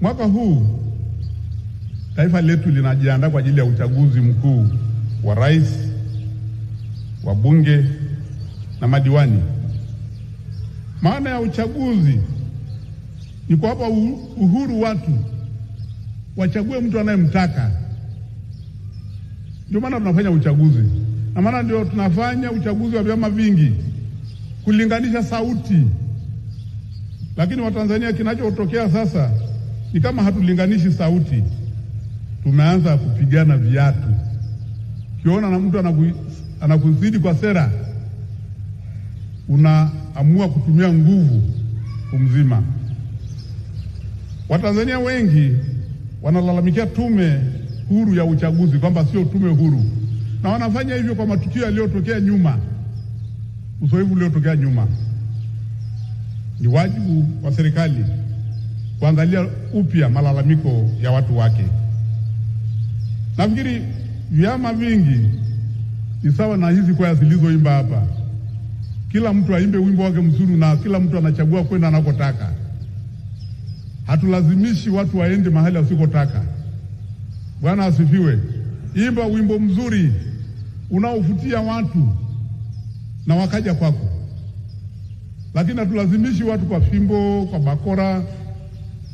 Mwaka huu taifa letu linajiandaa kwa ajili ya uchaguzi mkuu wa rais, wa bunge na madiwani. Maana ya uchaguzi ni kuwapa uhuru watu wachague mtu anayemtaka. Ndio maana tunafanya uchaguzi, na maana ndio tunafanya uchaguzi wa vyama vingi kulinganisha sauti. Lakini Watanzania, kinachotokea sasa ni kama hatulinganishi sauti, tumeanza kupigana viatu. Ukiona na mtu anakuzidi kwa sera, unaamua kutumia nguvu kumzima. Watanzania wengi wanalalamikia tume huru ya uchaguzi kwamba sio tume huru, na wanafanya hivyo kwa matukio yaliyotokea nyuma, uzoefu uliotokea nyuma. Ni wajibu wa serikali kuangalia upya malalamiko ya watu wake. Nafikiri vyama vingi ni sawa na hizi kwaya zilizoimba hapa, kila mtu aimbe wimbo wake mzuri na kila mtu anachagua kwenda anakotaka. Hatulazimishi watu waende mahali wasikotaka. Bwana asifiwe. Imba wimbo mzuri unaovutia watu na wakaja kwako, lakini hatulazimishi watu kwa fimbo, kwa bakora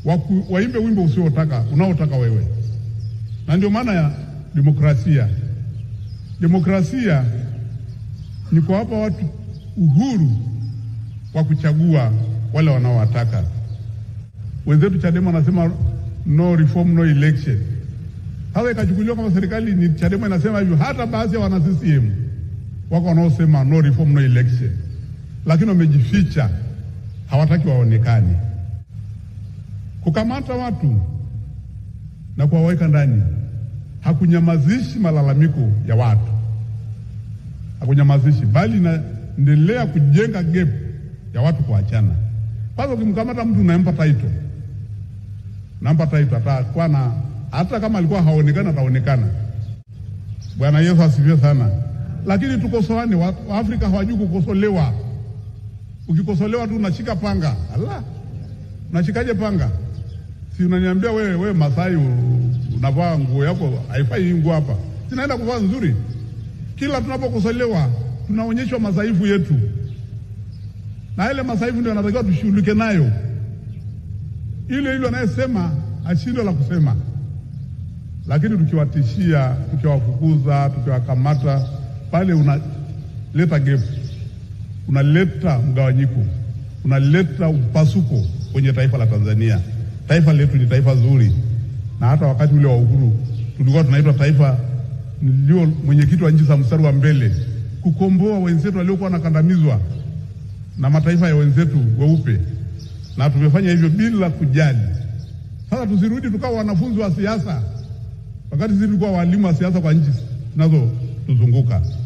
waku, waimbe wimbo usiotaka unaotaka wewe, na ndio maana ya demokrasia. Demokrasia ni kuwapa watu uhuru wa kuchagua wale wanaowataka. Wenzetu Chadema wanasema no reform no election. hawa ikachukuliwa kama serikali ni Chadema inasema hivyo, hata baadhi ya wana CCM wako wanaosema no reform no election, lakini wamejificha, hawataki waonekane. Kukamata watu na kuwaweka ndani hakunyamazishi malalamiko ya watu, hakunyamazishi, bali inaendelea kujenga gap ya watu kuachana. Kwanza ukimkamata mtu unampa taito, nampa taito, atakuwa na hata kama alikuwa haonekana ataonekana. Bwana Yesu asifiwe sana. Lakini tukosoane, Waafrika hawajui kukosolewa. Ukikosolewa tu unashika panga. ala, unashikaje panga? si unaniambia wewe we, Masai unavaa nguo yako haifai hii nguo hapa, sinaenda kuvaa nzuri. Kila tunapokosolewa tunaonyeshwa masaifu yetu, na ile masaifu ndio anatakiwa tushughulike nayo. Ile ile anayesema ashindwe la kusema, lakini tukiwatishia, tukiwafukuza, tukiwakamata pale, unaleta gefu, unaleta mgawanyiko, unaleta upasuko kwenye taifa la Tanzania. Taifa letu ni taifa zuri, na hata wakati ule wa uhuru tulikuwa tunaitwa taifa lio mwenyekiti wa nchi za mstari wa mbele kukomboa wenzetu waliokuwa wanakandamizwa na mataifa ya wenzetu weupe, na tumefanya hivyo bila kujali. Sasa tusirudi tukawa wanafunzi wa siasa, wakati sisi tulikuwa walimu wa siasa kwa nchi zinazotuzunguka.